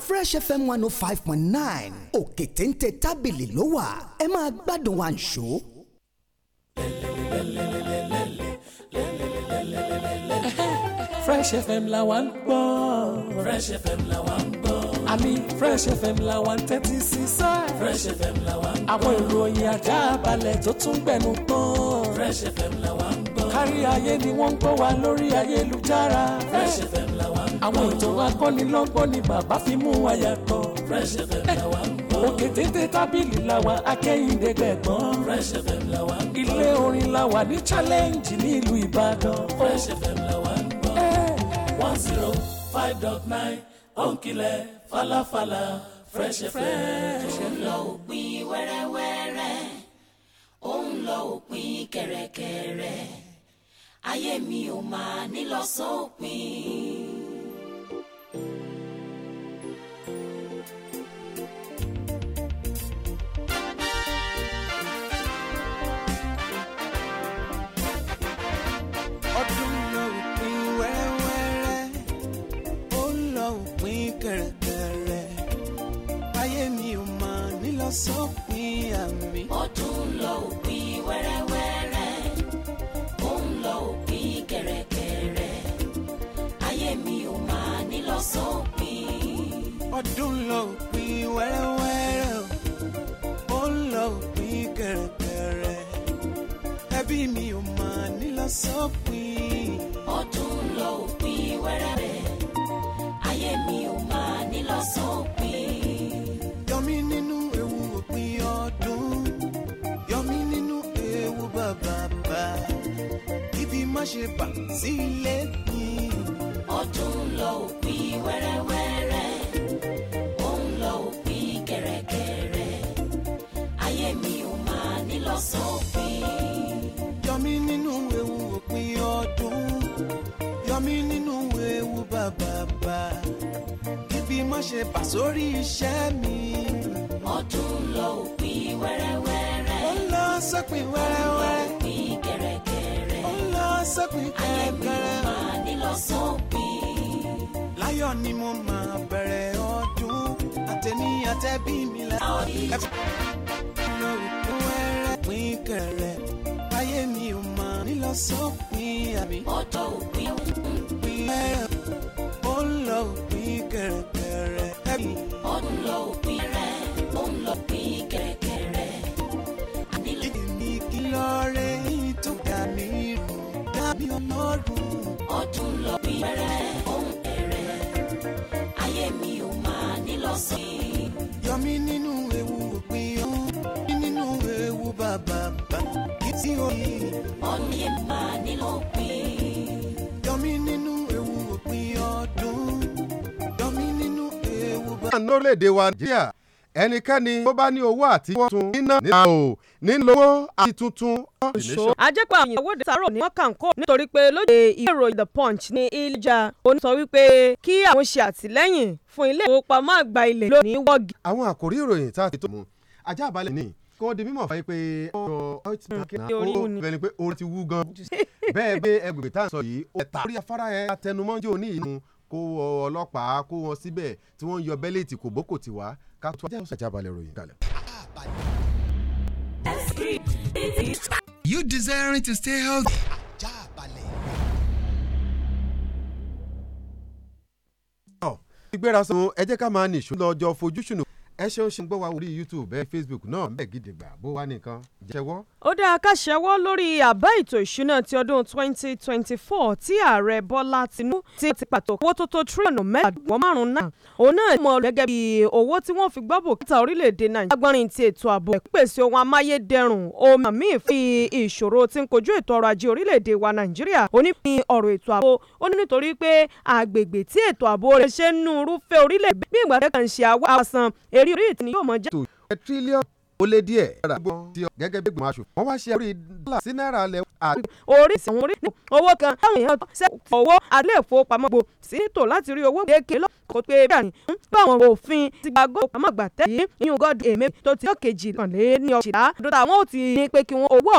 fresh fm one oh five point nine òkè téńté tábìlì ló wà ẹ máa gbádùn àǹṣó. fresh fm la wa ń gbọ́. fresh fm la wa ń gbọ́. àmì fresh fm la wa ń tẹ́tí sí sá. fresh fm la wa ń gbọ́. àwọn ìròyìn ajá balẹ̀ tó tún gbẹnu gbọ́n. fresh fm la wa ń gbọ́ kárí ayé ni wọ́n ń gbọ́ wa lórí ayélujára. Fresh FM la wa ń gbọ́. àwọn ètò akọ́nilọ́gbọ́n ni bàbá fi mú wa yàtọ̀. Fresh FM la wa ń gbọ́. òkè tètè tábìlì la wa akẹ́yìndé gbẹ̀gbọ́n. Fresh FM la wa ń gbọ́. ilé orin la wa ní challenge ní ìlú Ìbàdàn. Fresh FM la wa ń gbọ́. one zero five dot nine òǹkìlẹ̀ falafala Fresh FM. tó ń lọ òpin wẹ́rẹ́wẹ́rẹ́ ó ń lọ òpin kẹ̀rẹ̀kẹ̀rẹ̀ ayé mi ò máa nílọ sópin. yọmí nínú ewu òpin ọdún yọmí nínú ewu bàbàbà ibi má ṣe bà sílé mi. ọdún lọ òpin wẹ́rẹ́wẹ́rẹ́ ó ń lọ òpin kẹ̀rẹ̀kẹ̀rẹ̀ ayé mi ò máa nílọ sópin. yọmí nínú ewu òpin ọdún yọmí nínú ewu bàbàbà kí mo ṣe bà sórí iṣẹ́ mi. ọdún lọ òpin wẹ́rẹ́wẹ́rẹ́. ó lọ sópin wẹ́rẹ́wẹ́rẹ́. òpin kẹ̀rẹ̀kẹ̀rẹ̀. ó lọ sópin kẹ̀rẹ̀kẹ̀rẹ̀. ayé mi máa nílọ sópin. láyọ̀ ni mo máa bẹ̀rẹ̀ ọdún àtẹni àtẹbí mi la. lọ òpin wẹ́rẹ́. òpin kẹ̀rẹ̀. ayé mi ò máa nílọ sópin àbí. ọjọ́ òpin òpin wẹ́rẹ́. ó lọ òpin kẹ̀rẹ̀kẹ̀rẹ̀. tó ń lọ bí rẹ̀ ó ń bẹ̀rẹ̀ ayé mi ò máa nílọ sí i. nínú ewu òpin ó mí nínú ewu bàbà bàbà kí tí ó yí. ọ̀nì ẹ̀ máa nílò pín. yọ nínú ewu òpin ọdún yọ nínú ewu bàbà. ní orílẹ̀-èdè wa nàìjíríà ẹnikẹ́ni tó bá ní owó àti tuntun níná níná o nílò owó àti tuntun. ajẹ́pẹ́ àwọn ìyàwó de sàárò ní wọ́n nítorí pé lóde ìròyìn The Punch ní Ìlíjà onísọ wípé kí àwọn ṣe àtìlẹ́yìn fún ilé ìfowópamọ́ àgbà ilẹ̀ lónìí wọ́ọ̀gì. àwọn àkòrí ìròyìn tá a ti tó mú ajá àbálẹ̀ ní kó di mímọ̀ fà pé ọ̀rọ̀ ọ̀tí náà ó bẹni pé orí ti wú gan bẹ́ẹ̀ gbé ẹgbẹ̀gbẹ̀ tá à sọ yìí ó ta orí afárá ẹ atẹnumọ́jọ́ oníyìnbó kó ọlọ́pàá kó wọn síbẹ̀ tí wọ́n ń yọ bẹ́lẹ̀tì kò bókò tì wá ká tó ajá ìṣàjà balẹ̀ ròyìn kalẹ̀. You desiring to stay healthy. ìgbéra sọ ẹ jẹ́ ká máa nìṣó lọ́jọ́ fojúsùn ẹ ṣeun ṣe ń gbọ́ wa orí youtube ẹ facebook náà bẹ́ẹ̀ gidigba bó wá nìkan jẹ́wọ́. ó dáa ká ṣẹ́wọ́ lórí àbá ètò ìṣúná ti ọdún 2024 tí ààrẹ bọ́lá tinú ti ti pàtó owó tó tó tírílíọ̀nù mẹ́ẹ̀ẹ́dọ́gbọ̀n márùn-ún náà òun náà mọ̀ gẹ́gẹ́ bí owó tí wọ́n fi gbọ́ bùkátà orílẹ̀-èdè nàìjíríà agbọ́nrin ti ètò ààbò pèsè ohun amáyédẹrùn omi àmì fi ìṣòro tí ń kojú ètò ọrọ̀ ajé orílẹ̀-èdè wa nàìjíríà onípin ọ̀rọ̀ ètò ààbò ó èrè orí ìtìní yóò mọ jẹ́. ètò tírílíọ̀nù ó lé díẹ̀ rà bọ́ ti gẹ́gẹ́ bí gbọ̀n aṣòfin wọ́n wá ṣe àrí dọ́là sí náírà lẹ̀ àti. orí ìsàwọn orí owó kan táwọn èèyàn ṣe owó alẹ́ ìfowópamọ́ gbò sí tò láti rí owó kéèké lọ́kọ̀ pé bí àní ń bá àwọn òfin ti gba gómìnà gbà tẹ́lẹ̀ ìyún gọ́dù èmi tó ti yọ kejì ní ọ̀ṣìlá dọ́tà àwọn ò ti ní pé kí wọ́n owó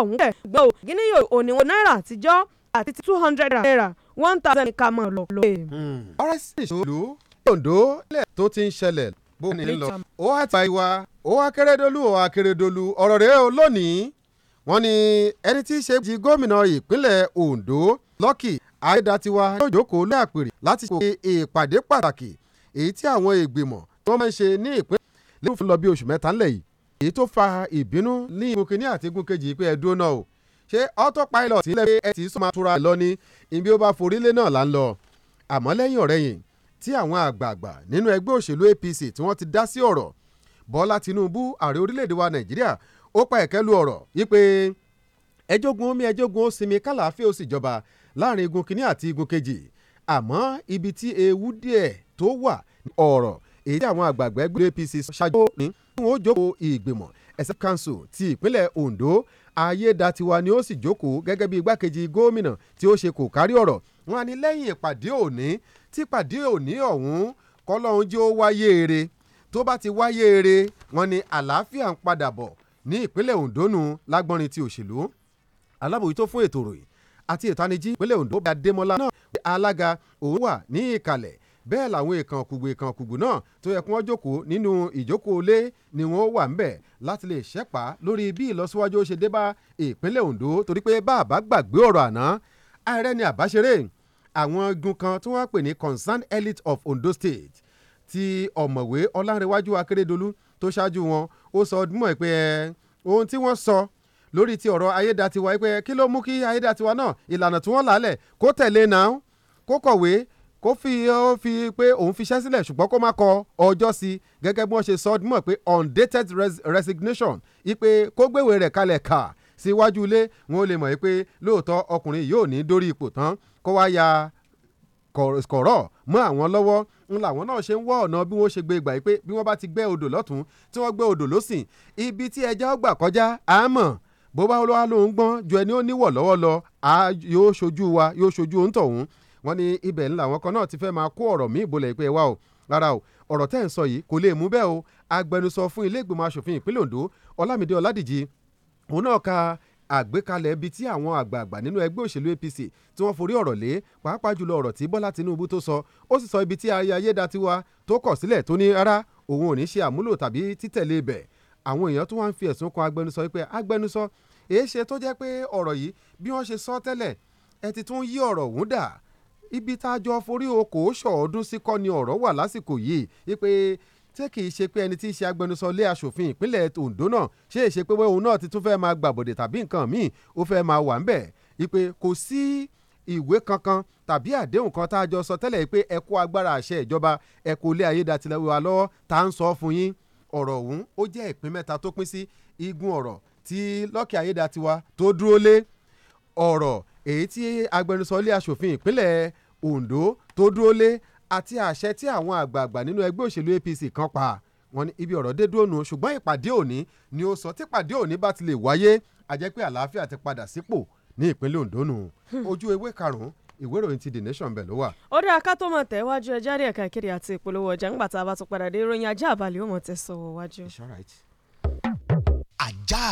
ọ̀hún bó ní lọ. ó wá ti wá ó wá akérèdọ́lù ó akérèdọ́lù ọ̀rọ̀ rẹ̀ ó lónìí wọ́n ní ẹni tí í ṣe di gómìnà ìpínlẹ̀ Ondo Lucky Ayédatiwa yóò jókòó lé àpèrè láti ṣe ìpàdé pàtàkì èyí tí àwọn ìgbìmọ̀ tí wọ́n máa ń ṣe ní ìpínlẹ̀ lẹ́yìn fún lọ bí oṣù mẹ́ta ńlẹ̀ yìí èyí tó fa ìbínú ní igun kínní àti igun kejì pé ẹ dúró náà o ṣé autopilot ilẹ̀ pé ẹ ti sọ máa lọ ní ibi ó bá forílẹ̀ náà là ń lọ àmọ́ lẹ́yìn ọ̀rẹ́yìn tí àwọn àgbààgbà nínú ẹgbẹ́ òṣèlú APC tí wọ́n ti dá sí ọ̀rọ̀ Bọ́lá Tinubu ààrẹ orílẹ̀-èdè wa Nàìjíríà ó pa ẹ̀kẹ́ lu ọ̀rọ̀ wípé ẹjọ́gun omi ẹjọ́gun ó sinmi kálàáfíà ó sì jọba láàrin igun kínní àti igun kejì àmọ́ ibi tí ewu díẹ̀ tó wà ọ̀rọ̀ èyí tí àwọn àgbààgbà ẹgbẹ́ APC ṣáájú ní wọn ó jókòó ìgbìmọ̀ except council ti ìpínlẹ̀ Ondo Ayédatiwa ni ó sì jókòó gẹ́gẹ́ bí igbákejì gómìnà tí ó ṣe kò kárí ọ̀rọ̀ wọn á lẹ́yìn ìpàdé òní típàdé òní ọ̀hún kọ́lọ́hún jẹ́ ó wáyé ere tó bá ti wáyé ere wọ́n ni àlàáfíà ń padà bọ̀ ní ìpínlẹ̀ Ondo nù lágbọ́nrin ti òṣèlú alábòójútó fún ètò ìròyìn àti ìtanijí ìpínlẹ̀ Ondo bí Adémọlá náà pé alága òun wà ní ìkàlẹ̀ bẹ́ẹ̀ làwọn ìkànkùgbò ìkànkùgbò náà tó yẹ kí wọ́n jókòó nínú ìjókòó lé ni wọ́n wà ńbẹ̀ láti lè ṣẹ́pà lórí bí ìlọsíwájú ó ṣe dé bá ìpínlẹ̀ Ondo torí pé bá àbá gbàgbé ọ̀rọ̀ àná ààrẹ ni àwọn igun kan tí wọ́n pè ní concerned elite of Ondo State ti ọ̀mọ̀wé ọlárẹ̀wájú akérèdọ́lù tó ṣáájú wọn ó sọ ọdún mọ́ ẹ pé ohun tí wọ́n sọ lórí ti ọ̀rọ̀ ayédatiwa pé kí ló mú kí ayédatiwa náà ìlànà tí wọ́n lálẹ̀ kó tẹ̀lé e náà kó kọ̀wé kó fi ó fi pé òun fiṣẹ́ sílẹ̀ ṣùgbọ́n kó má kọ ọjọ́ sí i gẹ́gẹ́ bí wọ́n ṣe sọ ọdún pé undated resignation ipe kó gbéwèé rẹ̀ kalẹ̀ kà síwájú ilé wọn ò lè mọ̀ pé lóòótọ́ ọkùnrin yóò ní dórí ipò tán kó wá ya kọ̀rọ̀ mọ́ àwọn lọ́wọ́ ń làwọn náà ṣe ń wọ́ ọ̀nà bí wọ́n ṣe gbé ìgbà yìí pé bí wọ́n bá ti gbẹ́ odò lọ́tún tí wọ́n gbẹ́ odò lọ́sìn ibi tí ẹja ọgbà kọjá àmọ́ bó bá wá lóun gbọ́n ju ẹni ó níwọ̀ lọ́wọ́ lọ yóò ṣojú wa yóò ṣojú òun tọ̀hún wọ́n ní ibẹ̀ ńlá àwọn kan náà ti fẹ́ máa kó ọ̀rọ̀ míì bolẹ̀ pé wá o rárá o ọ̀rọ̀ tẹ́ ń sọ yìí kò lè mú bẹ́ẹ̀ o agbẹnusọ fún ilé ìgbìmọ̀ asòfin ìpínlẹ̀ Ondo Ọlámídé Ọládìjì òun náà ka àgbékalẹ̀ ibi tí àwọn àgbààgbà nínú ẹgbẹ́ òṣèlú APC tí wọ́n forí ọ̀rọ̀ lé pàápàá jùlọ ọ̀rọ̀ tí Bọ́lá Tinubu tó sọ ó sì sọ ibi tí Ayédatiwa tó kọ̀ sílẹ̀ tó ní rárá òun ò ní ṣe àmúlò tàbí títẹ̀lé ibẹ̀ àwọn èèyàn tó wá ń fi ẹ̀sùn kan agbẹnusọ pé agbẹnusọ èé ṣe tó jẹ́ pé ọ̀rọ̀ yìí bí wọ́n ṣe sọ tẹ́lẹ̀ ẹ ti tún yí ọ̀rọ̀ òun dà ibi tá a jọ forí okòó ṣọ̀ọ́dún sí kọ́ ni ọ̀rọ̀ wà lásìkò yìí wípé ṣé kìí ṣe pé ẹni tí í ṣe agbẹnusọ ilé asòfin ìpínlẹ̀ Ondo náà ṣe é ṣe pé òun náà ti tún fẹ́ máa gbàbọ̀dẹ̀ tàbí nǹkan míì ó fẹ́ máa wà ńbẹ̀ ìpè kò sí ìwé kankan tàbí àdéhùn kan tá a jọ sọ tẹ́lẹ̀ pé ẹ kó agbára àṣẹ ìjọba ẹ kó ilé ayé datilẹ̀ wa lọ́wọ́ tá à ń sọ fún yín ọ̀rọ̀ ọ̀hún ó jẹ́ ìpín mẹ́ta tó pín sí igun ọ̀rọ̀ tí Lucky Ayédatiwa tó dúró lé ọ̀rọ̀ èyí tí agbẹnusọ ilé asòfin ìpínlẹ̀ Ondo tó dúró lé àti àṣẹ tí àwọn àgbààgbà nínú ẹgbẹ́ òṣèlú APC kan pa wọ́n ní ibi ọ̀rọ̀ dé dúró nù ṣùgbọ́n ìpàdé òní ni ó sọ tí ìpàdé òní bá ti lè wáyé a jẹ́ pé àlàáfíà ti padà sípò ní ìpínlẹ̀ Ondo nù ojú ewé karùn-ún ìwé ìròyìn ti the nation bẹ̀ ló wà. ó dáa ká tó máa tẹ̀ wájú ẹja rí ẹ̀ka kiri àti ìpolówó ọjà ńgbà tá a bá tún padà dé ìròyìn ajá àbálẹ̀ ó mọ̀ tẹ̀ sọ̀wọ́ wájú. ajá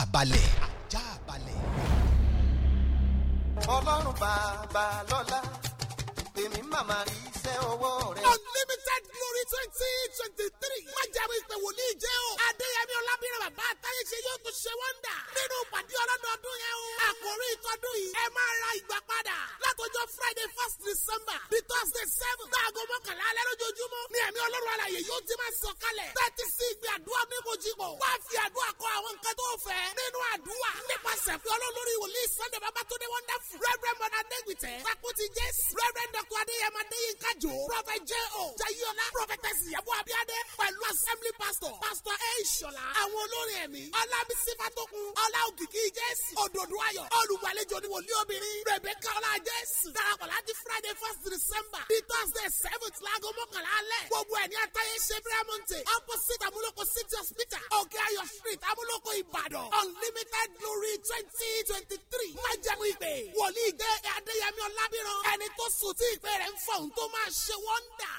ọlọ́run bàbá lọ́lá Unlimited glory. twenty twenty three. má jẹ̀bi ìpè wòlíì jẹ́ o. adéyẹmí ọlábìrin bàbá àtàyè ṣe yóò tún ṣe wọ́ndà. nínú pàdé ọlọ́dọọdún yẹn o. àkòrí ìtọ́dún yìí. ẹ máa ra ìgbà padà. látọjọ́ friday first december di thursday seven. gbàgbọ́ mọ́kànlá alẹ́ lójoojúmọ́. ní ẹ̀mí ọlọ́run alàyè yóò ti máa sọ kalẹ̀. tẹ́tí sí ìgbé àdúrà ní kojúbọ̀. wá fi àdúrà kọ àwọn nǹkan tó fẹ́. nínú àdúrà. nípasẹ̀ fi ọlọ́lórí wòlíì sunday babatunde wonderful. reverend mọ̀nà adégbìtẹ́. fakuti jésù. reverend dr adéyẹmọ adéyínká jò. prophet j o. jayiola. prophet ms yabo abíadé pẹ̀lú assembly pastor pastor e ìṣọ̀lá àwọn olórin ẹ̀mí ọlábísí fatokun ọlá jésì òdòdó ayọ̀ olùgbàlejò ni obìnrin rebecca ọlá jésì darapọ̀ láti friday first december bí thursday seventh láago mọ́kànlá alẹ́ gbogbo ẹ̀ ní atáyé ṣe bírámọ̀ntè opposite amúlòkọ city hospital òkè ayọ̀ street amúlòkọ ìbàdàn unlimited glory twenty twenty three májẹ̀mú ìpè wòlíì dé adéyẹmí ọlábìrán ẹni tó sùn tí ìpè rẹ̀ ń fọ̀ ń tó máa ṣe wọ́ndà.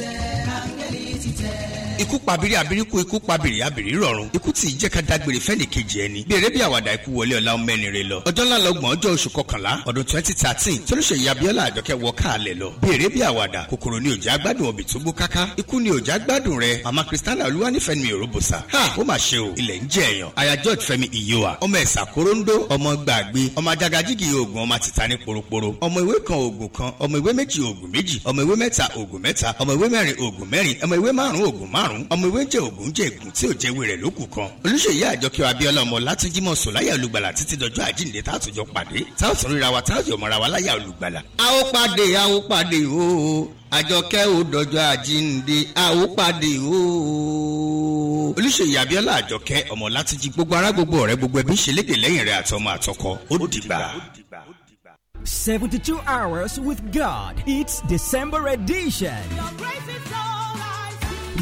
hankali titɛ ikú pabiri abiriku ikú pabiri abiri rọrùn ikú tí ì jẹ́ ká dágbére fẹ́ni kejì ẹni bèrè bí àwàdà ikú wọlé ọ̀la ọmọnìrè lọ ọjọ́ ńlá lọ́gbọ̀n ọjọ́ oṣù kọkànlá ọdún twenty thirteen tolóṣèlú abiola àjọkẹ́ wọ káàlẹ̀ lọ bèrè bí àwàdà kòkòrò ni òjá gbádùn ọ̀bì tó gbó káká ikú ni òjá gbádùn rẹ mama kristiana olúwanífẹ̀mí òróbòsà ha ó mà ṣe o ilẹ̀ ń jẹ èèyàn aya george fẹ́mi ìyíwa ọmọ ẹ̀sà korondo ọmọ gbàgbé ọmọ ajagajigi oògùn ọmọ àtìta ní poroporo ọmọ ìwé kan oògùn kan ọmọ ìwé méjì oògùn méjì ọmọ ìwé mẹ́ta oògùn mẹ́ta ọmọ ìwé mẹ́rin oògùn mẹ́rin ọmọ ìwé márùn-ún oògùn márùn márùn-ún ọmọ ìwé jẹ ògùn jẹ ègùn tí ò jẹwé rẹ̀ lókù kan olùṣèyí àjọkẹ́ abíọ́lá ọmọ látúnjímọ̀ sọ̀láyà olùgbàlà títí dọjọ́ àjíǹde táàtúnjọ pàdé táàtún ríra wa táàtún mọ́ra wa láyà olùgbàlà. a pàdé a pàdé o àjọkẹ́ ò dọjọ́ àjíǹde a pàdé o. olùṣèyí abíọ́lá àjọkẹ́ ọmọ látúnjí gbogbo ará gbogbo ọ̀rẹ́ gbogbo ẹbí ṣẹlẹ́gẹ̀ lẹ́yìn rẹ̀ àtọmọ 72 hours with God. It's December edition.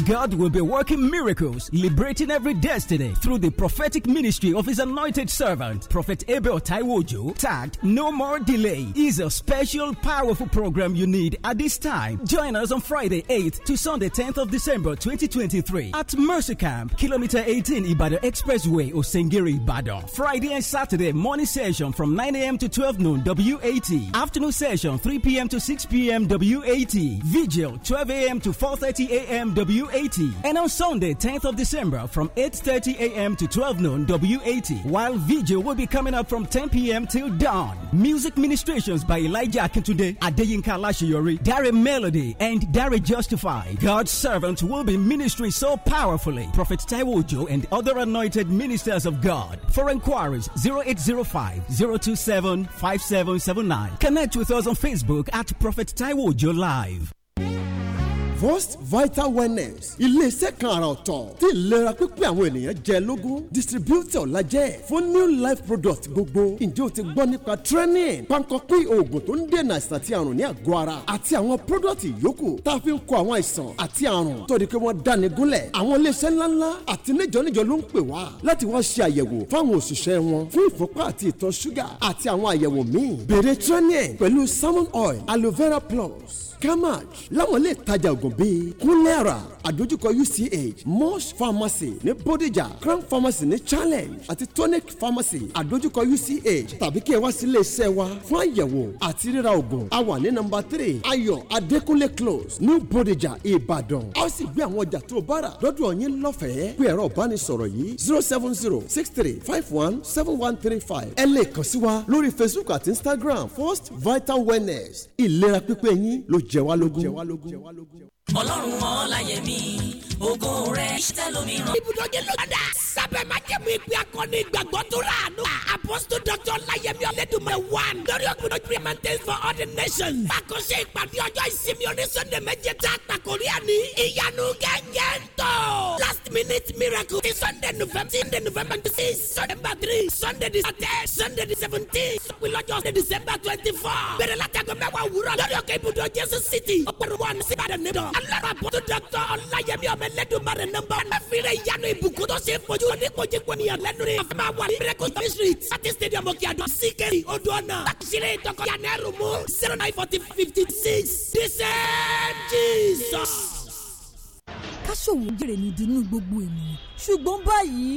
God will be working miracles, liberating every destiny through the prophetic ministry of His anointed servant, Prophet Abel Taiwojo. Tagged No More Delay is a special, powerful program you need at this time. Join us on Friday 8th to Sunday 10th of December 2023 at Mercy Camp, Kilometer 18 Ibadan Expressway, Osengiri, Ibadan. Friday and Saturday morning session from 9 a.m. to 12 noon WAT. Afternoon session 3 p.m. to 6 p.m. WAT. Vigil 12 a.m. to 4:30 a.m. WAT. And on Sunday, 10th of December from 8.30 a.m. to 12 noon W80. While video will be coming up from 10 p.m. till dawn. Music ministrations by Elijah Akintunde, Adeyinka Lashiyori, Dare Melody, and Dare Justify. God's servants will be ministering so powerfully. Prophet Taiwojo and other anointed ministers of God. For inquiries, 0805 027 5779. Connect with us on Facebook at Prophet Taiwojo Live. First vital wellness iléeṣẹ́ kan àrà ọ̀tọ̀ tí ìlera pípé àwọn ènìyàn jẹ lógún distributor la fún new life product gbogbo ǹjẹ́ o ti gbọ́ nípa training pankọ́pì oògùn tó ń dènà àìsàn àti àrùn ní àgọ́ ara àti àwọn product yòókù tá a fi ń kọ àwọn àìsàn àti àrùn tó di pé wọ́n dáni gúnlẹ̀ àwọn iléeṣẹ́ ńláńlá àti níjọ́níjọ́ ló ń pè wá láti wá ṣe àyẹ̀wò fáwọn òṣìṣẹ́ wọn fún ìfúnpá àti ìtọ̀ ṣúgà àti àwọn àyẹ̀wò míì bèrè training pẹ̀lú salmon oil aloe vera plus kamac láwọn ilé ìtajà ògùn oògùn bíi kúlẹ́ra àdójúkọ UCH Mosh Pharmacy ní Bódìjà Crown Pharmacy ní Challenge àti Tonic Pharmacy àdójúkọ UCH tàbí kí ẹ wá sí iléeṣẹ́ wa fún àyẹ̀wò àti ríra oògùn a wà ní nọ́mbà three Ayọ̀ Adékúnlé close ní bodija Ìbàdàn a ó sì gbé àwọn ọjà tó o bá rà lọ́fẹ̀ẹ́ pé ẹ̀rọ ìbánisọ̀rọ̀ yìí zero seven zero six three five one seven one three five ẹ lè kàn sí wa lórí Facebook àti Instagram First Vital Wellness ìlera pípé yín ló jẹ wá lógún ọlọ́run ọláyẹmí ògo rẹ̀ iṣẹ́ lómìíràn. ibùdó yẹn ló dá. sábẹ́ máa jẹ́ mi ìpè akọni ìgbàgbọ́ tó rà nù. apostol dr ọláyẹmí ọlẹ́dùnmẹ̀ one. lórí ògbódò clementines for all the nations. àkọsẹ́ ìpàdé ọjọ́ ìsinmi oníṣẹ́ndé méje tá a tàkórí àní. ìyanu gẹ́gẹ́ ń tọ̀. last minute miracle ti sunday november sunday november six sunday three sunday the ten sunday the seventeen sọpilọ́jọ́ december twenty four. bẹ̀rẹ̀ látàgọ́ mẹ́wàá wúrọ̀ lórí òkè ibùdó jésù city. ọ̀pọ̀lọpọ̀ àná síbàdàn nídọ̀. alárò àpótò dr ọláyẹmí Elédùmarè nọ́mbà wọn. àfihàn ìyanu ìbùkún tó ṣe fojú ní kojú ìpènìyàn lẹ́nu rẹ̀. àfẹ́ máa wà ní miracle tàbí street láti stadium òkè àdó síkèrè odò ọ̀nà. àṣírí ìtọ́kọ̀ yanẹ́rù mú zero nine forty fifty six. dísẹ́ Jesus. káṣọ̀wò jèrè ní ìdùnnú gbogbo ènìyàn ṣùgbọ́n báyìí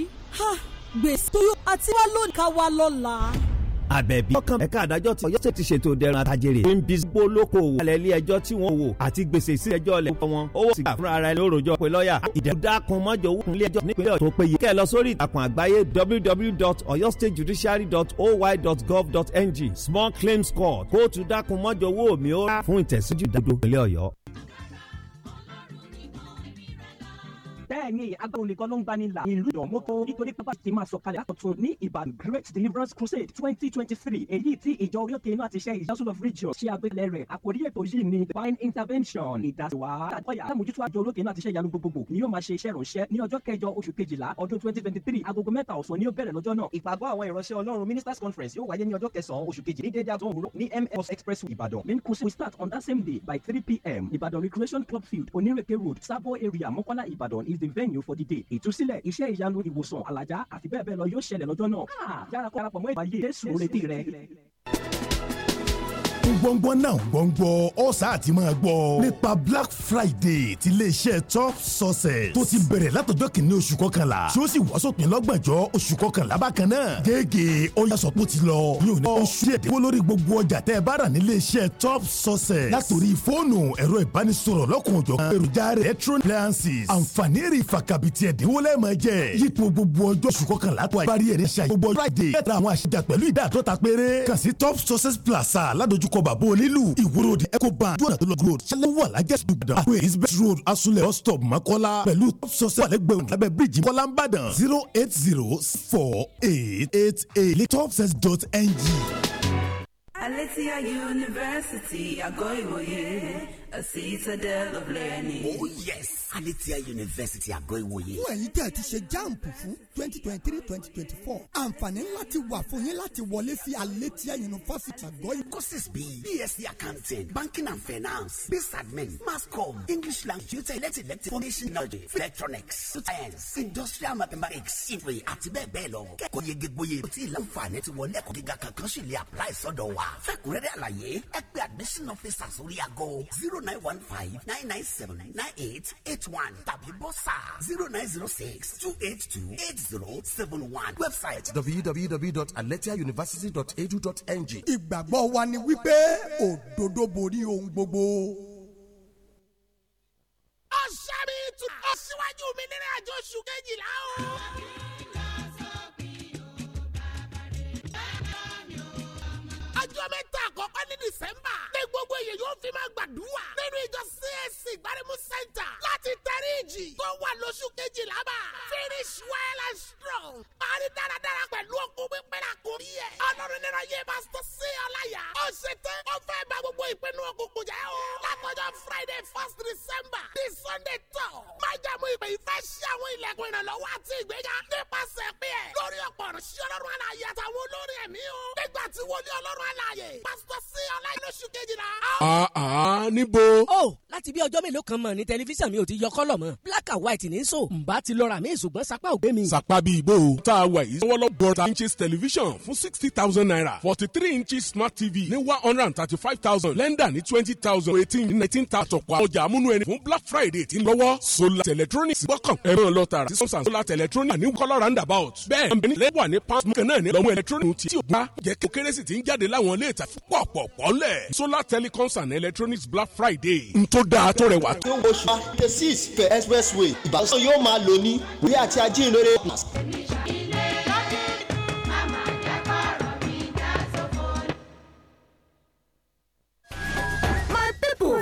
gbèsè tó yọ àti wá lónìí ká wá lọ́la àbẹ̀bí. ọkàn ẹ̀ka àdájọ́ ti ọ̀yọ́ ti ṣètò ìdẹ̀rùn àtàjèrè. ń bí gbó lóko òwò alẹ́ ilé ẹjọ́ tí wọ́n wò àti gbèsè sí ẹjọ́ ilẹ̀ pọ̀ wọn. ó wọ́n sì gbà fúnra ara ẹ̀ lóròjọ́ pé lọ́ọ̀yà. ìdẹ́kùn mọ́jọ òkun ilé ẹjọ́ nípínlẹ̀ tó péye. kẹ́ ẹ lọ sórí ìtàkùn àgbáyé www.oyostejudiciary.oy.gov.ng small claims court kóòtù dákun mọ́jọ owó mi ó rà fún ìtẹ̀síjú ìdádó ìpínlẹ̀ ọ̀yọ́. bẹ́ẹ̀ ni agbóhùn nìkan ló ń gbani là ìlú ìyọ̀mọ́tò nítorí pápá ti máa sọ̀kalẹ̀ àtọ̀tún ní ìbàdàn great deliverance crusade twenty twenty three èyí tí ìjọ orí òkè iná àti iṣẹ́ ìjọsùn of region ṣe àgbékalẹ̀ rẹ̀ àkórí ètò yìí ni divine intervention ìdásíwá àkọyà àmójútó àjọ orí òkè iná àti iṣẹ́ ìyanu gbogbogbò ni yóò máa ṣe iṣẹ́ ìránṣẹ́ ní ọjọ́ kẹjọ oṣù kejìlá ọdún twenty twenty three agogo mẹ́ta ọ̀sán ni ó bẹ̀rẹ̀ lọ́jọ́ náà ìpàgọ́ àwọn ìránṣẹ́ ọlọ́run ministers conference yóò wáyé ní ọjọ́ kẹsàn-án oṣù kejì ní dédé àtọ̀ òwúrọ̀ ní ms express ìbàdàn main crusade will start on that same day by three pm ìbàdàn recreation club field onírèké road sabo area mọ́kọ́lá ìbàdàn is the venue for the day ìtúsílẹ̀ iṣẹ́ ìyanu ìwòsàn àlàjá àti bẹ́ẹ̀ bẹ́ẹ̀ lọ yóò ṣẹlẹ̀ lọ́jọ́ náà ah, yára kó darapọ̀ mọ́ ìpàdé Jésù retí rẹ gbọ́ngbọ́n náà gbọ́ngbọ́ ọ̀sà àti máa gbọ́ nípa black friday ti iléeṣẹ́ top success tó ti bẹ̀rẹ̀ látọjọ́ kìíní oṣù kọkànlá tí ó sì wá sópin lọ́gbọ̀njọ́ oṣù kọkànlá bákan náà gègé ọ̀yàsọ̀ tó ti lọ ní òní oṣù díẹ̀ dẹ́wọ́ lórí gbogbo ọjà tẹ́ bá rà nílé iṣẹ́ top success látòrí fóònù ẹ̀rọ ìbánisọ̀rọ̀ lọ́kùn òjọ̀ èròjà rẹ̀ electronic appliances àǹfààní rí ìfakabìtì ẹ̀dínwó lẹ́ẹ̀mọ jẹ́ yípo gbogbo ọjọ́ oṣù kọkànlá tó àìparí ẹ̀rẹ́ friday ẹ̀ta àwọn àṣejà pẹ̀lú ìdá àdọ́ta péré kàn sí top success plaza lórúkọ bàbá onílù ìwúrò di eco bank dúnà tó lọ ṣẹlẹ̀ wà lájẹ́ ṣùgbọ́n àpò elizabeth road asunlẹ̀ bus stop makola pẹ̀lú top success wàlẹ́gbẹ̀rún lábẹ́ bíríìjì kọ́lá ń bàdàn zero eight zero four eight eight eight topsets dot ng. Aletia University, àgọ́ ìwòye, a citadel of learning. Oh yes, Alitia University, àgọ́ ìwòye. Fún ẹ̀yin tí a ti ṣe jáàmù fún twenty twenty three twenty twenty four àǹfààní ńlá ti wà fún yín láti wọlé sí Aletia yunifásitì àgọ́ courses bíi BSc accounting banking and finance business admin mass com english language tutor elective elective foundation knowledge electronics science industrial mathematics ìwé àti bẹ́ẹ̀ bẹ́ẹ̀ lọ kẹ́kọ̀ọ́ yege gboyè tí ìlànfààní ti wọlé ẹ̀kọ́ gíga kankan sì lè apply sọ́dọ̀ wa fẹ́kùnrẹ́rẹ́ àlàyé ẹ pè admission officer sórí aago zero nine one five nine nine seven nine eight eight one tàbí bọ́sà zero nine zero six two eight two eight 96071. Website www.aletiauniversity.edu.ng. Ìgbàgbọ́ wa ni wípé òdodo borí ohun gbogbo ọ̀sẹ̀mi tún ọ̀síwájú mi nínú àjọ oṣù kejìlá o. àjọ mẹ́ta àkọ́kọ́ ní dísẹ́mbà gbogbo èyàn yóò fi máa gbàdúrà nínú ìjọ CAC gbarimu center láti tẹríjì tó wà lóṣù kejìlá bá finish well and strong parí dáradára pẹ̀lú okun pípẹ́rẹ́ àkórí ẹ̀ ọlọ́run nínú ayé pásítọ̀ sí ọláyà ó ṣe tán ó fẹ́ bá gbogbo ìpinnu òkùnkùn jẹ́ o látọjọ́ Friday first December di Sunday tán májàmú ìpè ìfẹ́ ṣe àwọn ilẹ̀kùn ìrànlọ́wọ́ àti ìgbéga nípasẹ̀ pé ẹ̀ lórí ọ̀pọ̀ ọ̀rọ̀ sí ọlọ́run aláyé àtàwọn olórin ẹ̀mí o nígbà tí wọlé ọlọ́run aláyé pásítọ̀ sí ọláyà lóṣù kejìlá Ah, ah, níbo. Oh. láti bí ọjọ́ mélòó kan mọ̀ ní tẹlifíṣàn mi ò ti yọ kọ́lọ̀ mọ́ black and white ní so ǹbá ti lọ́ra mi ṣùgbọ́n sapa ò gbé mi. sapa bíi ibo o tá a wà yìí lọ́wọ́lọ́ bọ́ta inches television fún sixty thousand naira forty three inches smart tv ní one hundred and thirty five thousand lẹ́ndà ní twenty thousand eighteen nineteen thousand àtọ̀pọ̀ ọjà amúnú ẹni fún black friday ti ń lọ́wọ́ solar electronics gbọ́kàn ẹ̀rọ lọ́tara sí sọ́sàn solar electronics ní kọ́lọ́ roundabout bẹ́ẹ̀ ẹ̀mí lẹ́ wà ní pound mọ́kàn náà ní lọ́mú electronics ti tí o bá jẹ́ kí kérésì ti ń jáde láwọn ilé solar telecoms and electronics black friday dáa tó rẹwà tó. oṣù twenty six fẹ expressway ìbáṣọ yóò máa lò ní wíyà àti ajínrere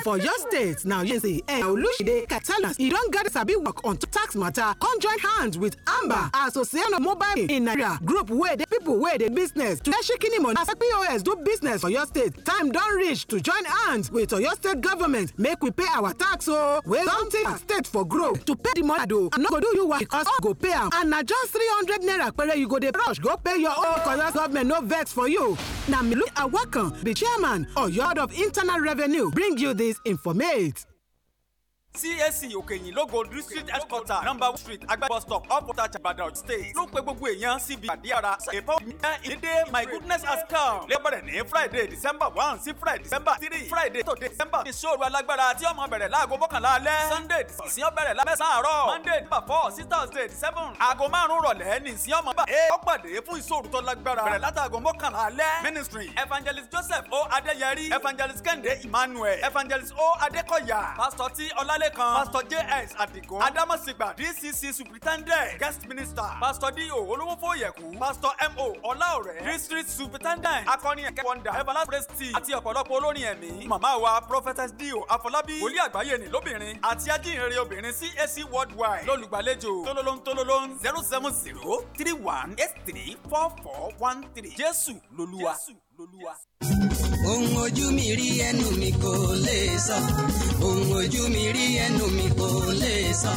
for your state na yeze and olushide katanas e don get sabi work on tax matter come join hands with Amber, association of mobile in nigeria group where the people where the business to dey shikini money as pos do business for your state time don reach to join hands with your state government make we pay our tax oh. wey don take our state for grow to pay the money do. i no go do you work because all go pay am and na just three hundred naira pere you go the rush go pay your own cause government no vex for you Now me look milu awakan the chairman oyo yard of internal revenue bring you this. is informate. CSC òkèyìn lógo district headquarter number one street agbẹ́ bus stop ọ̀pọ̀tàjà Ìbàdàn state ló pe gbogbo èèyàn síbi àdíyàrá èpọ̀ ìyá ìdílé my goodness has come lẹ́bẹ̀rẹ̀ ní friday december one sí friday december three friday tó december ní sóòrù alágbára tí ọmọ bẹ̀rẹ̀ láago mọ́kànlá alẹ́ sunday ìsìn ọbẹ̀rẹ̀ la mẹ́sàn-án àárọ̀ monday december four sí thursday seven aago márùn-ún rọ̀lẹ́ ní ìsìn ọmọ bá ó pàdé fún ìsóòrù tó lágbára bẹ̀rẹ̀ látàgọ́ mọ́kànlá alẹ́ ministry evangelist joseph o adéyẹrí evangelist kẹ́hìndé emmanuel evangelist o adékọ̀yà pastor t ọlálẹ́ ọlálékan pastor js adigun adamasingba dcc superintendent guest minister pastor dio olówófóyẹ̀kú pastor mo ọláọ̀rẹ́ district superintendent akọni ẹ̀kẹ́wọ̀ndà everlast praise team àti ọ̀pọ̀lọpọ̀ olórin ẹ̀mí màmá wa prophetess dio afọlábí wòlíì àgbáyé ni lóbìnrin àti ajínrere obìnrin cac worldwide lọ́lùgbàlejò tólólón tólólón zero seven zero three one eight three four four one three jésù lolúwa. jésù lolúwa. Yes ohun ojú mi rí ẹnu mi kò lè sọ ohun ojú mi rí ẹnu mi kò lè sọ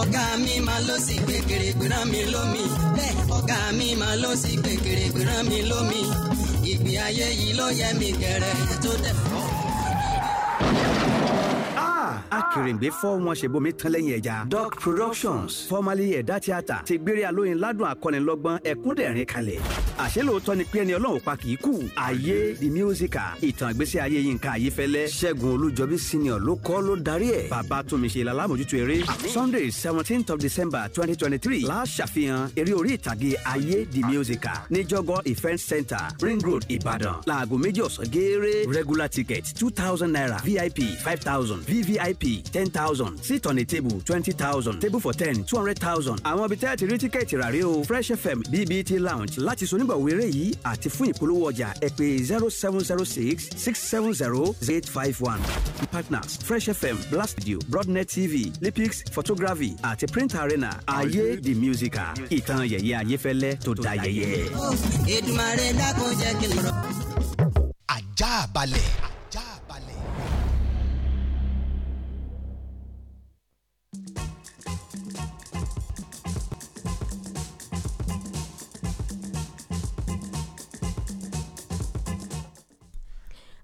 ọ̀gá mi máa lọ sí kékeré gbéra mi lómi bẹ́ẹ̀ ọ̀gá mi máa lọ sí kékeré gbéra mi lómi ìgbé ayé yìí ló yẹ mi gẹ̀rẹ́ tó dẹ̀ fọ́ akèrèǹgbè fọ́ wọn ṣèbomi tán lẹ́yìn ẹja doc productions formerly ẹ̀dá tíátà ti gbére alóyin ládùn akọ́nilọ́gbọ́n ẹ̀kúndẹ̀rín kalẹ̀ àṣé lóòótọ́ ni pé ẹni ọlọ́run pa kì í kú ayé the musical ìtàn ìgbésí ayé Yínká Ayéfẹ́lẹ́ Ṣẹ́gun Olújọbí senior ló kọ́ ló darí ẹ̀ bàbá tómiṣe lalámójútó eré Sunday seventeenth of December twenty twenty three la ṣàfihàn eré orí ìtàgé ayé the musical ní Jọgọ event center ring road Ìbàdàn láago méjì ọ̀sán gééré regular ticket two thousand naira VIP five thousand VVIP vip ten thousand seat on a table twenty thousand table for ten two hundred thousand àwọn ibi tẹ́ẹ̀tì rí tíkẹ́ẹ̀tì rà rí o fresh fm bbt lounge láti sonígbàwé eré yìí àti fún ìpolówó ọjà ẹ pè zero seven zero six six seven zero eight five one partners fresh fm blast Video. broadnet tv lipix photography àti print arena ayé the musical ìtàn yẹ̀yẹ́ ayéfẹ́lẹ́ tó da yẹ̀yẹ́. Èdùmàrè dákun jẹ́ kí n lọ. ajá balẹ̀.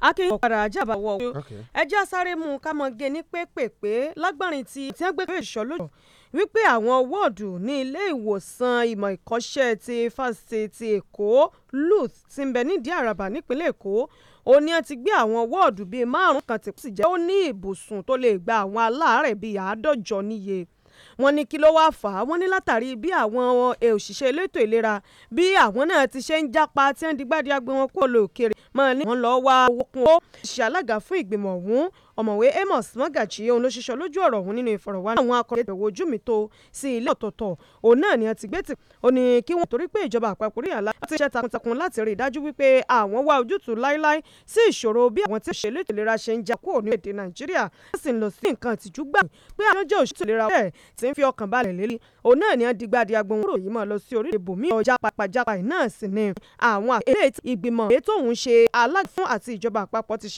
akin ọ̀kadà ajábàwọ̀ o ẹjẹ́ sáré mú un kámọ́gé ní pépèpé lágbárin ti tí wọ́n gbé pé ìṣọ́ lójú wípé àwọn wọ́ọ̀dù ní ilé ìwòsàn ìmọ̀ ìkọ́ṣẹ́ ti fásitì ti èkó luth ti ń bẹ nídìí àràbà nípínlẹ̀ èkó ó ní ẹ ti gbé àwọn wọ́ọ̀dù bíi márùn-ún kan tìpọ́ sì jẹ́ ó ní ibùsùn tó lè gba àwọn aláàárẹ̀ bíi àádọ́jọ níye wọ́n ní kí ló wá fà á wọ́n ní látàrí bí àwọn eh, òṣìṣẹ́ elétò ìlera bí àwọn náà ti ṣe ń jápa tí wọ́n di gbádìá gbé wọn kó lóòkèrè máa ní wọ́n lọ́ọ́ wá owó kún ó ṣe alága fún ìgbìmọ̀ ọ̀hún ọ̀mọ̀wé amos magachi òun ló ṣiṣọ́ lójú ọ̀rọ̀ ọ̀hún nínú ìfọ̀rọ̀wánilẹ́nuwò àwọn akọ̀ròyìn ètò ojú mi tó sí ilé ọ̀tọ̀ọ̀tọ̀ òun náà ni àti gbẹ́tì ó ní kí wọ́n torí pé ìjọba àpapọ̀ rí àlá láti ṣe takuntakun láti rí i dájú wípé àwọn wá ojútùú láíláí sí ìṣòro bí àwọn tí òṣèlú ètò ìlera ṣe ń jà kúrò ní èdè nàìjíríà sì ń lọ sí nǹkan ìtìjú gbà pé àwọn jẹ́ ni adigbadi agbóhùnrò yìí máa lọ sí orílẹ̀ ibòmí ọjà pàpàjápà náà sì ni àwọn ìgbìmọ̀ ètò òun ṣe aláàfin àti ìjọba àpapọ̀ ti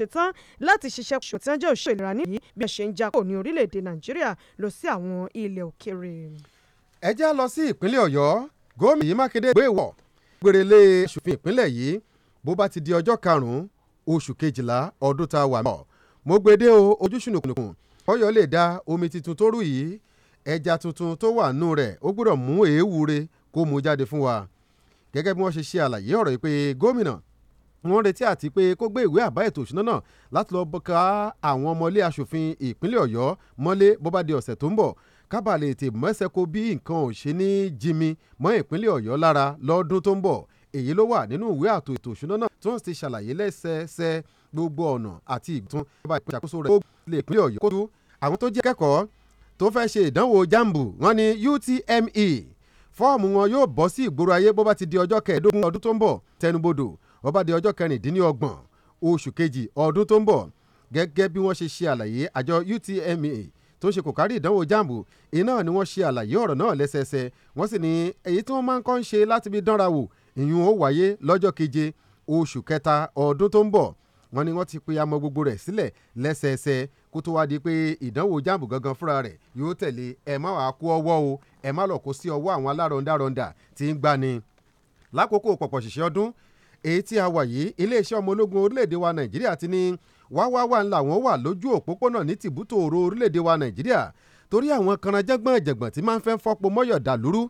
ọjọ́ ìṣèlérà nìyí bí ẹ ṣe ń jà kò ní orílẹ̀-èdè nàìjíríà lọ sí àwọn ilẹ̀ òkèèrè. ẹ já lọ sí ìpínlẹ̀ ọ̀yọ́ gómìnà yìí mákindé gbé ìwọ̀ gbèrèlé aṣòfin ìpínlẹ̀ yìí bó bá ti di ọjọ́ karùn-ún oṣù kejìlá ọdún tá a wà mọ́ mo gbé dé o ojúṣùnùkùn ọ̀yọ́ lè da omi tuntun tó rú yìí ẹja tuntun tó wà nù rẹ̀ ó gbọ́dọ̀ mú èéwúre kó mú jáde fún wa gẹ́gẹ́ bí wọ́n ṣe ṣe àlàyé ọ̀rọ̀ yìí pé gómìnà wọ́n retí àti pé kó gbé ìwé àbá ètò òṣùná náà láti lọ bọ́ ká àwọn ọmọlé aṣòfin ìpínlẹ̀ ọ̀yọ́ mọ́lé bó bá di ọ̀sẹ̀ tó ń bọ̀ kábà lè tè mọ́sẹ̀ kó bí nǹkan ò ṣe ní jimi mọ́ ìpínlẹ̀ ọ̀yọ́ lára lọ́dún tó ń bọ̀ èyí ló wà nínú ìwé àtò ètò òṣùná náà tí wọ́n ti ṣàlàyé lẹ́sẹẹsẹ gbogbo ọ̀nà àti ìgbìtún bá ìṣàkóso rẹ̀ lè pínlẹ̀ ọ̀yọ́ kó tú jambu wọn ni UTME fọ́ọ̀mù wọn yóò bọ́ sí ìgboro ayé bó bá ti di ọjọ́ kẹẹ̀ẹ́dógún ọdún tó ń ó bá di ọjọ́ kẹrìndínlọ́gbọ̀n oṣù kejì ọdún tó ń bọ̀ gẹ́gẹ́ bí wọ́n ṣe ṣe àlàyé àjọ UTMA tó ń ṣe kò kárí ìdánwò jambu iná ni wọ́n ṣe àlàyé ọ̀rọ̀ náà lẹ́sẹẹsẹ wọ́n sì ní èyí tí wọ́n máa ń kọ́ ń ṣe láti bí dánra wò ìyún ó wáyé lọ́jọ́ keje oṣù kẹta ọdún tó ń bọ̀ wọ́n ní wọ́n ti pe amọ̀ gbogbo rẹ̀ sílẹ̀ lẹ́sẹẹsẹ kó tó wá di pé ìdánwò jambu gangan fúnra rẹ̀ yóò tẹ̀lé ẹ má wàá kó ọwọ́ o ẹ má lọ kó sí ọwọ́ àwọn alárọ̀ndàrọ̀ndà tí ń gbani lákòókò pọ̀pọ̀ ṣìṣẹ́ ọdún èyí tí a wà yìí iléeṣẹ́ ọmọ ológun orílẹ̀-èdè wa nàìjíríà ti ní wáwáwá ńlá wọn wà lójú òpópónà ní tìbútò òru orílẹ̀-èdè wa nàìjíríà torí àwọn kanajẹ́gbọ́n ẹ̀jẹ̀gbọ̀n tí máa ń fẹ́ fọ́pọ̀ mọ́yọ̀ dàlúrú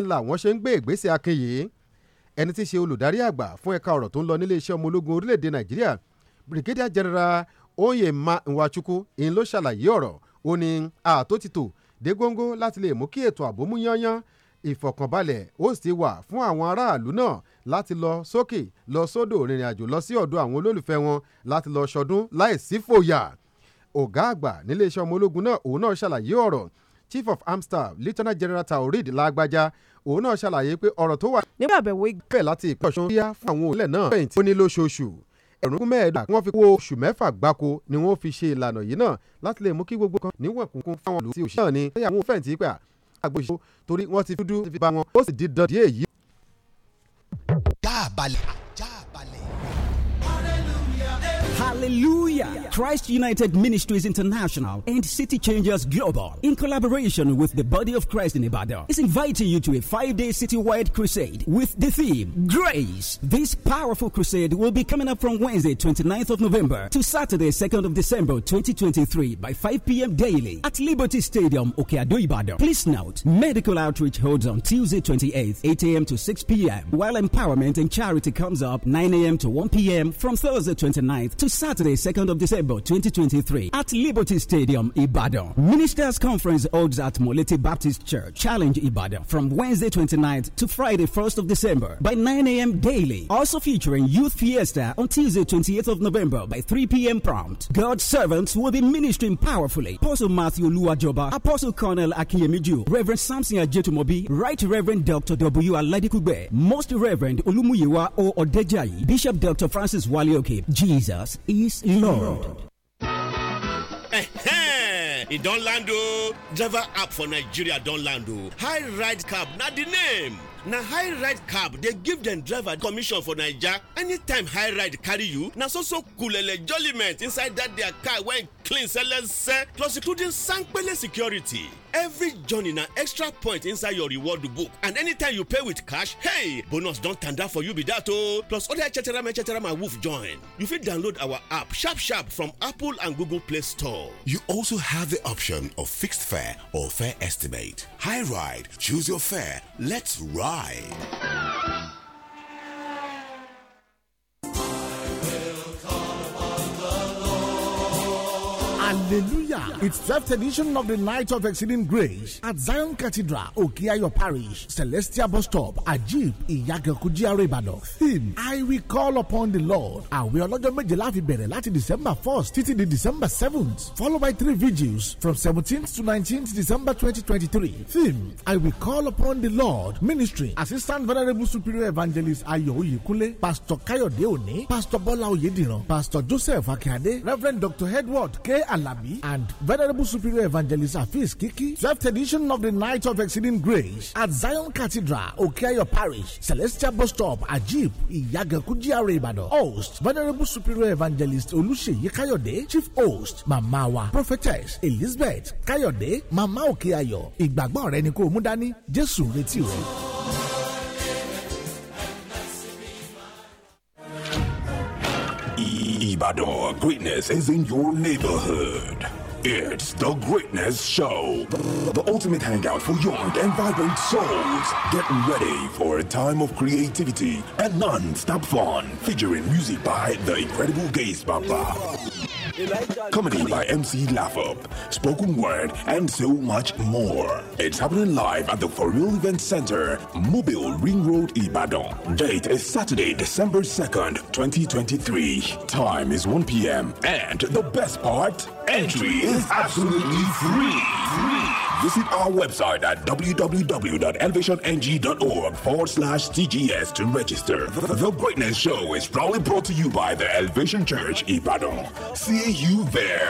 ńlá wọn ṣe ń gbé ìgbésẹ̀ akin yìí ẹni tí í ṣe olùdarí àgbà fún ẹ̀ka ọ̀rọ̀ tó ń lọ níléeṣẹ́ ọmọ ológun orílẹ̀-èdè nàìjíríà brigadier general oyema nwachukwu ìyẹn ló ṣàlàyé ọ̀rọ̀ ó ní àtòtítò dégóńgó láti lè mú kí ètò àbómú ìfọ̀kànbalẹ̀ ó sì wà fún àwọn aráàlú náà láti lọ sókè lọ sódò rìnrìn àjò lọ sí ọ̀dọ̀ àwọn olólùfẹ́ wọn láti lọ ṣọdún láì sí fòyà ọ̀gá àgbà níléeṣẹ́ ọmọ ológun náà òun náà ṣàlàyé ọ̀rọ̀ chief of armed lieutenant general Taurid, lágbájá òun náà ṣàlàyé pé ọ̀rọ̀ tó wà. nígbà àbẹ̀wò ìgbẹ́ láti ìpínlẹ̀ ọ̀ṣun yá fún àwọn òlẹ̀ náà fẹ̀yìntì ó ní lóṣooṣù ẹ̀rùn mẹ́ẹ̀ẹ́dà wọ́n fi kó oṣù mẹ́fà gbáko ni wọ́n fi àgbo ìṣòro torí wọ́n ti fi dúdú ti fi wọn ó sì di dandan díẹ̀ dáàbalẹ̀. Hallelujah! Christ United Ministries International and City Changers Global, in collaboration with the Body of Christ in Ibadan, is inviting you to a five-day citywide crusade with the theme Grace. This powerful crusade will be coming up from Wednesday, 29th of November to Saturday, 2nd of December, 2023, by 5 p.m. daily at Liberty Stadium, Okeado, Ibadan. Please note, medical outreach holds on Tuesday, 28th, 8 a.m. to 6 p.m., while empowerment and charity comes up 9 a.m. to 1 p.m. from Thursday, 29th to Saturday, 2nd of December 2023 at Liberty Stadium, Ibadan. Ministers' Conference holds at Moleti Baptist Church, Challenge Ibadan from Wednesday 29th to Friday 1st of December by 9 a.m. daily. Also featuring Youth Fiesta on Tuesday 28th of November by 3 p.m. prompt. God's servants will be ministering powerfully. Apostle Matthew Luajoba, Apostle Colonel Akiyemiju, Reverend Samson Ajetumobi, Right Reverend Dr. W. Aladikugbe, Most Reverend Olumuyiwa O. Odejayi, Bishop Dr. Francis Walioke, Jesus, is Lord. e don land o driver app for nigeria don land o high ride cab na di name na high ride cab dey give dem driver commission for naija anytime high ride carry you na so so kulele jolliment inside dat their car wey clean selese plus including sanpele security every journey na extra point inside your reward book and anytime you pay with cash hey bonus don tanda for you be that o oh. plus other echeterama echeterama woof join you fit download our app sharp sharp from apple and google play store. you also have the option of fixed fare or fare estimate high ride choose your fare let's ride. Hallelujah. It's 12th edition of the Night of Exceeding Grace at Zion Cathedral, Okiayo Parish, Celestia Bus Stop, Ajib, Iyaganku GRA Theme, I will call upon the Lord. Àwẹ̀ ọlọ́jọ́ méje la fi bẹ̀rẹ̀ láti December 1st títí di December 7th, followed by three vigils from 17th to 19th December 2023. Theme, I will call upon the Lord. Ministry, Assistant Venerable Superior Evangelist Ayo Oyekunle, Pastor Kayode Oni, Pastor Bola Oyediran, Pastor Joseph Akade, Reverend Dr. Edward K. Al Alabi and Venerable Superior Evangelist Afis Kiki. 12th edition of the Night of Exceeding Grace at Zion Cathedral, Okeayo Parish, Celestial Bus Stop, Ajib, Iyagaku GRA Ibadan. Host, Venerable Superior Evangelist Oluseyi Kayode, Chief Host, Mamawa, Prophetess Elizabeth Kayode, Mama Okeayo. Ìgbàgbọ́ rẹ ni kò mú dání, Jésù retí rẹ. Ibadan, greatness is in your neighborhood. It's The Greatness Show, the ultimate hangout for young and vibrant souls. Get ready for a time of creativity and non-stop fun, featuring music by the incredible Gaze Baba. Comedy by MC Laugh Up, spoken word, and so much more. It's happening live at the For Real Event Center, Mobile Ring Road, Ibadan. Date is Saturday, December 2nd, 2023. Time is 1 p.m. And the best part entry is absolutely free. free. Visit our website at www.elevationng.org forward slash TGS to register. The, the Greatness Show is proudly brought to you by the Elevation Church, Ibadan. See you there.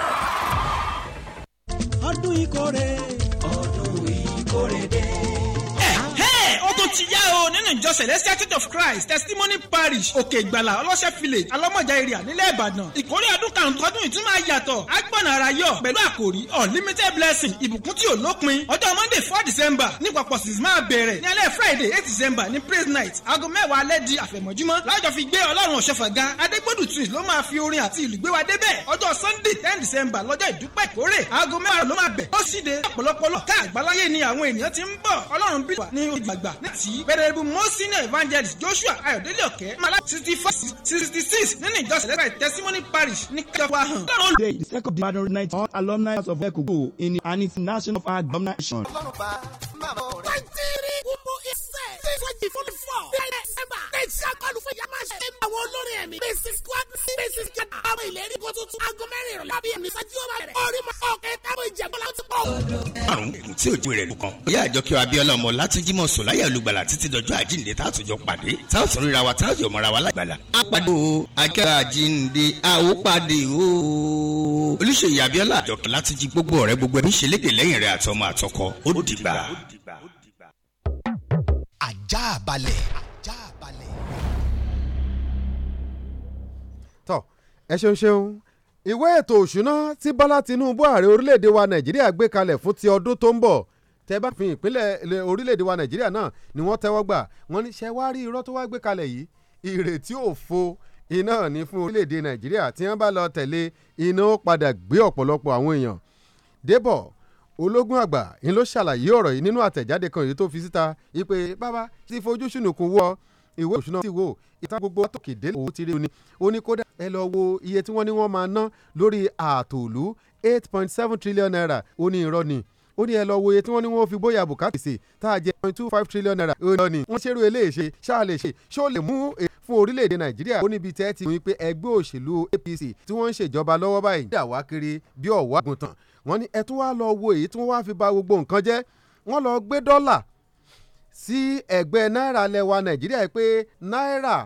ti yá o nínú ìjọ celestial church of christ testimony parish òkè ìgbàlà ọlọ́sẹ̀ village alọ́mọjà area nílẹ̀ ìbàdàn ìkórè ọdún karùn-ún tọdún ìtún máa yàtọ̀ agbọ̀nà ara yọ pẹ̀lú àkòrí unlimited blessing ìbùkún tí ò lópin ọjọ́ monday four december ní papọ̀ sì máa bẹ̀rẹ̀ ní alẹ́ friday eight december ní praise night aago mẹ́wàá alẹ́ di àfẹ̀mọ́júmọ́ lájọ fi gbé ọlọ́run ọ̀ṣọ́fà ga adégbòdù twins ló máa fi orin àti ìlú gbé wa sunday ten december lọ́jọ́ ìdúpẹ́ ìkórè aago mẹ́wàá ló máa bẹ̀ ó de ọ̀pọ̀lọpọ̀lọ káàgbáláyé ni àwọn ènìyàn ti ń bọ̀ ọlọ́run bí wà ní tí bẹ̀rẹ̀ bu mọ́sínà evangelist joshua ayọ̀délé ọ̀kẹ́ mala sixty four sixty six nínú ìjọ celestial testimony parish ní kẹfà hàn. the second day january night all alumni of ekugo in an international alumni nation. ọlọ́run bá twenty twenty four. lẹ́yìn december lẹ́yìn akọlù fún yàrá máa ṣe. àwọn olórin ẹ̀mí mrs kwadu mrs jada àwọn ìlérí bó tuntun aago mẹ́rin ìrọ̀lẹ́ àbí ẹ̀mí sọ́jú ó máa bẹ̀rẹ̀. orí ma ọ̀kẹ́ táwọn ìjẹ̀bọ́lá ti pọ̀. àrùn ègùn tí ojú rẹ̀ lù kan. ìyá àjọ kí abiola ọmọ látúnjímọ̀ sùn láyà olùgbàlà títí dọjọ́ àjíǹde tá a tún jọ pàdé tá a tún ríra wa tá a yọ̀ mọ́ra wa lágbàlà. a pàdé o akẹ́kọ̀ọ́ àjíǹde a ó pàdé o. olùṣèyí abiola àjọkẹ́ látúnjí gbogbo ọ̀rẹ́ gbogbo ẹbí ṣe léde lẹ́yìn rẹ̀ àtọmọ àtọkọ ó dìgbà ajabale. balẹ̀. ajá balẹ̀. tọ ẹ ṣeun ṣeun ìwé ètò òṣùná tí bọ́lá tinubu ààrẹ orílẹ̀‐èdè wa nàìjíríà gbé kalẹ̀ fún ti ọdún tó ń bọ̀ tẹ́ bá fi ìpínlẹ̀ orílẹ̀‐èdè wa nàìjíríà náà ni wọ́n tẹ́wọ́ gbà wọ́n ní ṣe wá rí irọ́ tó wá gbé kalẹ̀ yìí ìrètí òfo iná ní fún orílẹ̀‐èdè nàìjíríà tí wọ́n bá lọ tẹ̀lé iná ó padà gbé ọ̀pọ̀lọpọ̀ àwọn èèyàn débọ̀ ológun àgbà ń ló ṣàlàyé ọ̀rọ̀ yìí nínú àtẹ̀jáde kan èyí tó fi síta ipe bàbá ti fojú sùnùkùn wọ ìwé òṣùnà ti wò ìta gbogbo àtòkè délé òun ti rí ni ó kódà ẹ lọ wo iye tí wọ́n ní wọ́n máa ná lórí ààtòlú eight point seven trillion naira ó ní irọ́ ni ó ní ẹ lọ wo iye tí wọ́n ní wọ́n fi bóyá bùkátà sí tá a jẹ point two five trillion naira ó ní wọ́n ṣerú eléyìí ṣe ṣáà lè ṣe ṣó lè mú e fún orílẹ̀-èdè nàìjíríà ó níbi tẹ́ ti wí pé ẹgbẹ́ òṣèlú APC tí wọ́n ń ṣèjọba lọ́wọ́ báyìí dà wọ́n ní ẹ tún wá lọ wo èyí tí wọ́n wá fi ba gbogbo nǹkan jẹ́ wọ́n lọ gbé dọ́là sí ẹ̀gbẹ́ náírà lẹwa nàìjíríà pé náírà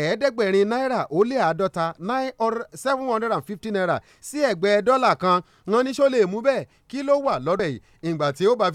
ẹ̀ẹ́dẹ́gbẹ̀rin náírà ó lé àádọ́ta nine or seven hundred and fifty naira sí ẹ̀gbẹ́ dọ́là kan wọ́n ní ṣó lè mú bẹ́ẹ̀ kí ló wà lọ́dọ̀ yìí ìgbà tí ó bá fi